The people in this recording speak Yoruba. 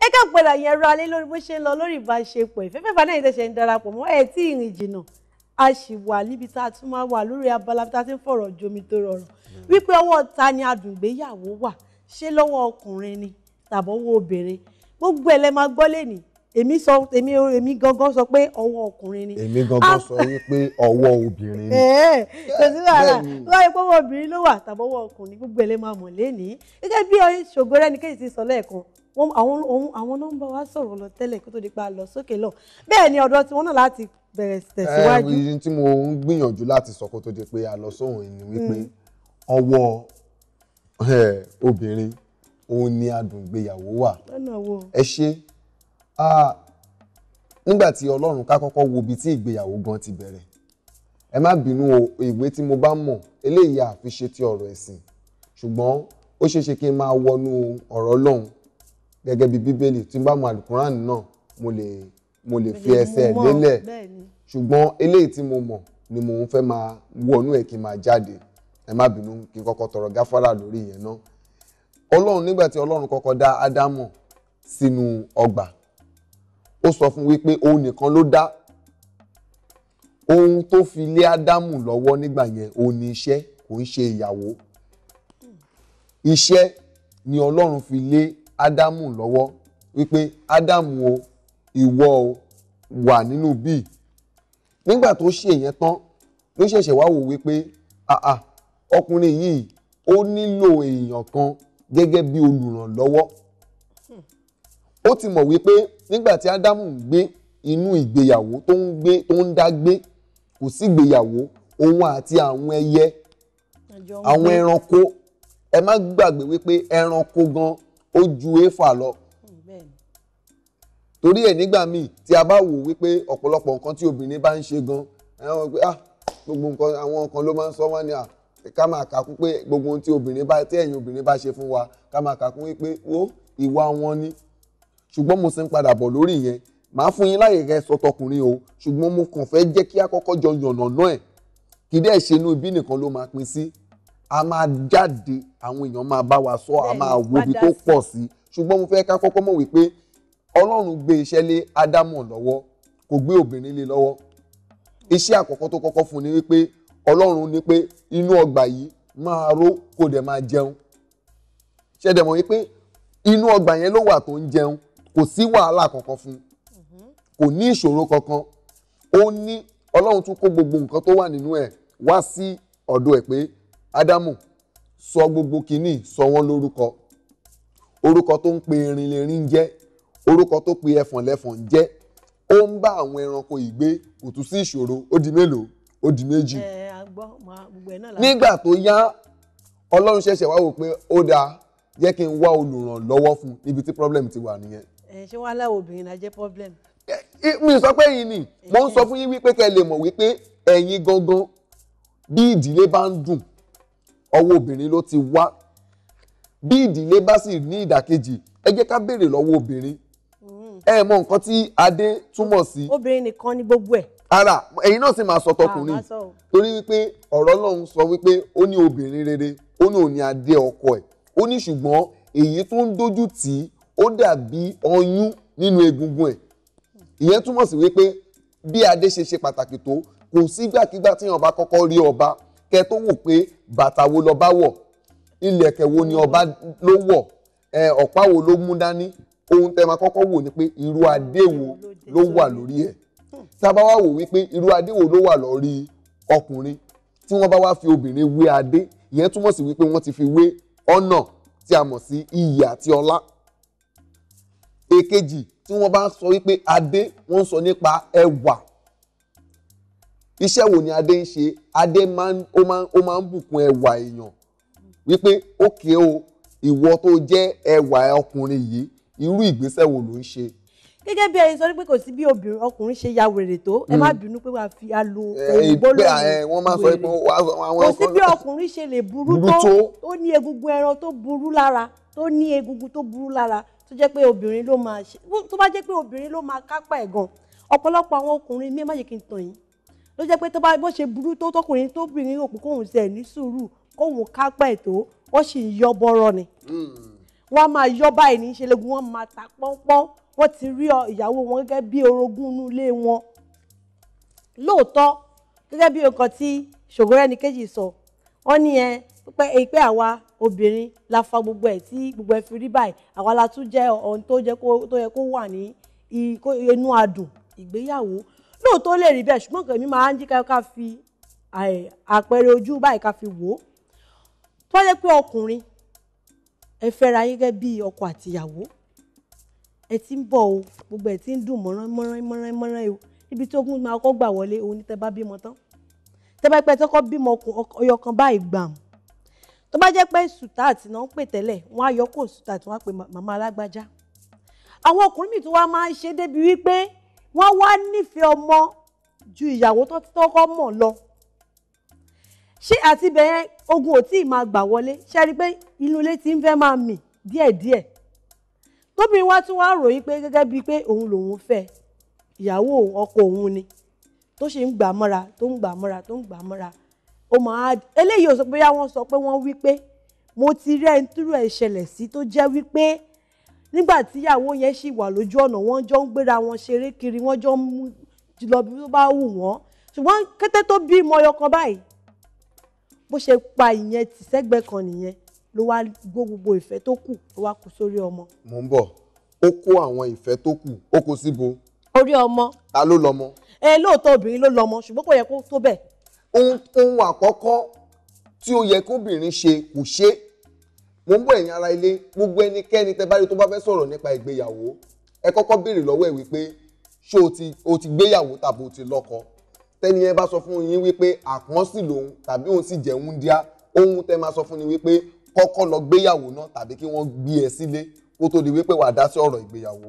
ẹ ká padà yẹn ra lé lórí bó ṣe ń lọ lórí ìbáṣepọ̀ ìfẹ́fẹ́ fàdé yìí tẹ̀sẹ̀ ń darapọ̀ mọ́ ẹ̀ tí ìrìn jìnnà a sì wà níbi tá a tún máa wà lórí abala tá a ti ń fọ̀rọ̀ jomi tó rọrùn hmm. wípé ọwọ́ ta ni adùngbéyàwó wà ṣé lọ́wọ́ ọkùnrin ni tàbọ̀wọ́ obìnrin gbogbo ẹ̀ lẹ́ máa gbọ́ lẹ́nì èmi sọ èmi èmi gangan sọ pé ọwọ́ ọkùnrin ni. èmi gangan sọ wípé ọwọ́ obìnrin ni. kò sí wàhálà wọ́n yẹ pé ọwọ́ obìnrin ló wà tàbọ̀wọ́ ọkùnrin gbogbo ẹ̀ lẹ́ máa mọ̀ lẹ́nì gẹ́gẹ́ bí ṣògo rẹ́ni kéjì ti sọ lẹ́ẹ̀kan àwọn nọ́mbà wa sọ̀rọ̀ lọ tẹ́lẹ̀ kó tó di pa lọ sókè lọ bẹ́ẹ̀ ni ọ̀dọ̀ tiwọn náà láti bẹ̀rẹ̀ tẹ̀síwájú. ẹ ẹ tí mo ń gbìyànjú láti sọ kó tó di pé a lọ sóhun ni wípé hmm. ọwọ́ obìnrin òun ni adùn ìgbéyàwó wà ẹ ṣe nígbà tí ọlọ́run ká kọ́kọ́ wo ibi tí ìgbéyàwó gan ti bẹ̀rẹ̀ ẹ má bínú o ìwé tí mo bá mọ̀ eléyìí àfiṣe ti ọ̀rọ̀ ẹ̀sìn ṣùgbọ́n ó ṣeéṣe kí n máa wọnú ọ̀rọ̀ ọlọ́run gẹ́gẹ́ bí bíbélì tí n bá mọ alukuran náà mo lè mo lè fi ẹsẹ̀ lélẹ̀ ṣùgbọ́n eléyìí tí mo mọ̀ ni mo ń fẹ́ máa wọnú ẹ̀ kí n máa jáde ẹ má bínú kí n kọ́kọ́ tọrọ gáfárà lórí ìyẹn náà ọlọ́run nígbà tí ọlọ́run kọ́kọ́ dá ádámọ̀ sínú ọgbà ó sọ fún wípé òun nìkan ló dá ohun tó fi lé ádámù lọ́wọ́ nígbà yẹn òun ni iṣẹ́ kò ń ṣe ìyàwó iṣẹ́ ni ọlọ́run fi lé ádámù lọ́wọ́ wípé ádámù o ìwọ o wà nínú bíi nígbà tó ṣe yẹn tán ló ṣẹ̀ṣẹ̀ wá wò wípé àà ọkùnrin yìí ó nílò èèyàn kan gẹ́gẹ́ bí olùrànlọ́wọ́ ó ti mọ̀ wípé nígbà tí ádámù ń gbé inú ìgbéyàwó tó ń gbé tó ń dá gbé kò sí ìgbéyàwó òun àti àwọn ẹyẹ àwọn ẹranko ẹ má gbàgbé wípé ẹranko gan-an ó ju éfà lọ torí ẹ̀ nígbà míì tí a bá wò wípé ọ̀pọ̀lọpọ̀ nǹkan tí obìnrin bá ń ṣe gan àwọn pé ah gbogbo nǹkan àwọn nǹkan ló máa ń sọ wọn ni à ká máa kàkún pé gbogbo ohun tí obìnrin bá tí ẹ̀yin obìnrin bá ṣe fún wa ká máa kàkún wípé ó ìwà wọn ni ṣùgbọ́n mo sì ń padà bọ̀ lórí yẹn màá fún yín láyè rẹ sọ o ṣùgbọ́n mo kàn fẹ́ jẹ́ kí a kọ́kọ́ jọ yànnàná ẹ̀ kì í dẹ́ ṣe inú ibi nìkan ló máa pín sí a máa jáde àwọn èèyàn máa bá wa sọ a máa wo ibi tó pọ̀ sí ṣùgbọ́n mo fẹ́ ká kọ́kọ́ mọ̀ wípé ọlọ́run gbé iṣẹ́ lé ádámù lọ́wọ́ kò gbé obìnrin lé lọ́wọ́ iṣẹ́ àkọ́kọ́ tó kọ́kọ́ fún ni wípé ọlọ́run ní pé inú ọgbà yìí máa ró kó dẹ̀ máa jẹun ṣẹ̀dẹ̀ mọ̀ wípé inú ọgbà yẹn ló wà tó ń jẹun kò sí wàhálà kankan fún kò ní ìṣòro kankan ó ní ọlọ́run tún kó gbogbo nǹkan tó wà nínú ẹ̀ wá sí ọ̀dọ̀ ẹ̀ pé ádámù sọ gbogbo kìíní sọ wọ́n lórúkọ orúkọ tó ń pe erin lerin jẹ́ orúkọ tó pe ẹfọ̀n lẹ́fọ̀n jẹ́ ó ń bá àwọn ẹranko ìgbé kò tún sí ìṣòro ó di mélòó ó di méjì. nígbà tó yá ọlọ́run ṣẹ̀ṣẹ̀ wá wò pé ó dáa jẹ́ kí n wá olùrànlọ́wọ́ fún níbi tí problem ti wà nìyẹn. ẹ ṣé wàá láwọn obìnrin náà jẹ́ problem. mi sọ pé yìí ni mo ń sọ fún yín wípé kẹ́ lè mọ̀ wípé ẹ̀yin gangan bí ìdílé bá ń dùn ọwọ́ obìnrin ló ti wá bí ìdílé bá sì ní ìdàkejì ẹ jẹ́ ká béèrè lọ́wọ́ obìnrin mm. ẹ mọ nǹkan tí adé túmọ̀ sí. obìnrin nìkan ni gbogbo ẹ̀. ara ẹ̀yin náà sì máa sọ tọkùnrin ah, torí wípé ọ̀rọ̀ Ọlọ́run sọ wípé ó ní obìnrin rere ó ní òní adé ọkọ ẹ̀ ó ní ṣùgbọ́n èyí tó ń dojú tì í ó dàbí ọyún nínú egungun ẹ̀ ìyẹn túmọ̀ sí wípé bí adé ṣe ṣe pàtàkì tó kò sígbàkigbà tí kọ́kọ́ rí ọba kẹ́ tó wò pé bàtà wo lọ́ba wọ̀ ilẹ̀kẹ̀ wo ni ọba ló wọ̀ ọ̀pá wo ló mú dání ohun tẹ́ máa kọ́kọ́ wò ni pé irú adé wo ló wà lórí ẹ̀ sábà wá wò wípé irú adé wo ló wà lórí ọkùnrin tí wọ́n bá wá fi obìnrin wé adé ìyẹn túmọ̀ sí wípé wọ́n ti fi wé ọ̀nà tí a mọ̀ sí iyì àti ọlá èkejì tí wọ́n bá sọ wípé adé wọ́n sọ nípa ẹwà iṣẹ́ wo ni adé ń ṣe adé ó máa ń bùkún ẹwà èèyàn wípé ókè o ìwọ tó jẹ́ ẹwà ọkùnrin yìí irú ìgbésẹ̀ wo ló ń ṣe gẹ́gẹ́ bí ẹni sọ pé kò sí bí obìnrin ọkùnrin ṣe ya wèrè tó ẹ má hmm. bínú pé wàá fi alo ògbólóyè eh, eh, wèrè kò sí bí ọkùnrin ṣe lè burú tó tó ní egungun ẹran tó burú lára tó ní egungun tó burú lára tó jẹ́ pé obìnrin ló máa ṣe tó bá jẹ́ pé obìnrin ló máa kápá ẹ̀ gan ọ̀pọ̀lọpọ̀ àwọn ọkùnrin mi má jẹ́ kí n tàn yín ló jẹ́ pé tó bá bó ṣe burú tó tọkùnrin tó bìnrin rò pé kóun ṣe ní sùúrù kóun kápá ẹ̀ tó wọ́n sì ń yọ bọ́rọ̀ ni hmm. wọ́n á máa yọ báyìí ní ṣẹlẹ́gun wọ́n máa ta pọ́npọ́n wọ́n ti rí ìyàwó wọn gẹ́gẹ́ bí orogún inú ilé wọn lóòótọ́ gẹ́gẹ́ bí nǹkan tí Ṣògorẹ́nìkejì sọ wọ́n ní ẹ pé pé àwa obìnrin la fa gbogbo ẹ̀ tí gbogbo ẹ̀ fi rí báyìí àwa la tún jẹ́ ohun tó yẹ kó wà ní inú adùn ìgbéyàwó lóòótọ́ lè rí bẹ́ẹ̀ ṣùgbọ́n kèmí máa ń jí ká fi àpẹẹrẹ ojú báyìí ká fi wò ó tó yẹ pé ọkùnrin ẹ fẹ́ra yín gẹ́gẹ́ bí ọkọ àtìyàwó ẹ ti ń bọ̀ o gbogbo ẹ ti ń dùn mọ́rán mọ́rán mọ́rán mọ́rán o ibi tí ogun máa kọ́ gbà wọlé òun ni tẹ bá bímọ tán tẹ bá pẹ́ tọ́kọ́ bímọ ọyọ kan báyìí gbàm tó bá jẹ́ pé sùtáàtì náà ń pè tẹ́lẹ̀ wọ́n á yọ kó sùtáàtì wọ́n á pè màmá alágbájá àwọn ọkùnrin mi tó wá máa ń ṣe débi wípé wọ́n wá nífẹ̀ẹ́ ọmọ ju ìyàwó tó ti tọ́kọ́ mọ̀ lọ ṣé àti bẹ̀yẹn ogun ò tí ì máa gbà wọlé ṣe rí i pé inú ilé ti ń fẹ́ máa mì díẹ̀díẹ̀ tóbìnrin wá tún wá ròyìn pé gẹ́gẹ́ bíi pé òun lòun fẹ́ ìyàwó ọkọ òun ni tó ṣe ń gbà mọ́ra tó ń gbà mọ́ra tó ń gbà mọ́ra ó máa eléyìí ò sọ pé wọ́n sọ pé wọ́n wí pé mo ti rí ẹni túrú ẹ̀ ṣẹlẹ̀ sí tó jẹ́ wí pé nígbà tí àwọn yẹn ṣì wà lójú ọ̀nà wọ́n jọ ń gbéra wọn ṣeré kiri wọ́n jọ ń mú lọ bí ó bá wù wọ́n ṣùgbọ́n kété tó bí mọyọ kan báyìí bó ṣe pa ìyẹn tì sẹ́gbẹ̀ẹ́ kan nìyẹn ló wá gbó gbogbo ìfẹ́ tó kù ló wá kó sórí ọmọ. mò ń bọ̀ ó kó àwọn ìfẹ́ tó kù ó kó síbo. orí ọmọ. ta ló lọmọ. ẹ lóòótọ́ obìnrin ló lọmọ ṣùgbọ́n kò yẹ kó tó bẹ́ẹ̀. ohun àkọ́kọ́ tí ó yẹ kóbìnrin ṣe kò ṣe mo ń bọ̀ ẹ̀yin ara ilé gbogbo ẹnikẹ́ni tẹ́ bá rí tó bá fẹ́ sọ̀rọ̀ nípa ìgbéyàwó ẹ kọ́kọ́ béèrè lọ́wọ́ ẹ̀ wípé ṣé o ti gbéyàwó tàbí o ti lọ́kọ tẹ́ni yẹn bá sọ fún yín wípé àpọ́n sì lòun tàbí òun sì jẹ́ wúndíá ohun tẹ́ máa sọ fún ni wípé kọ́kọ́ lọ gbéyàwó náà tàbí kí wọ́n gbé ẹ sílé kó tó di wípé wàá dá sí ọ̀rọ̀ ìgbéyàwó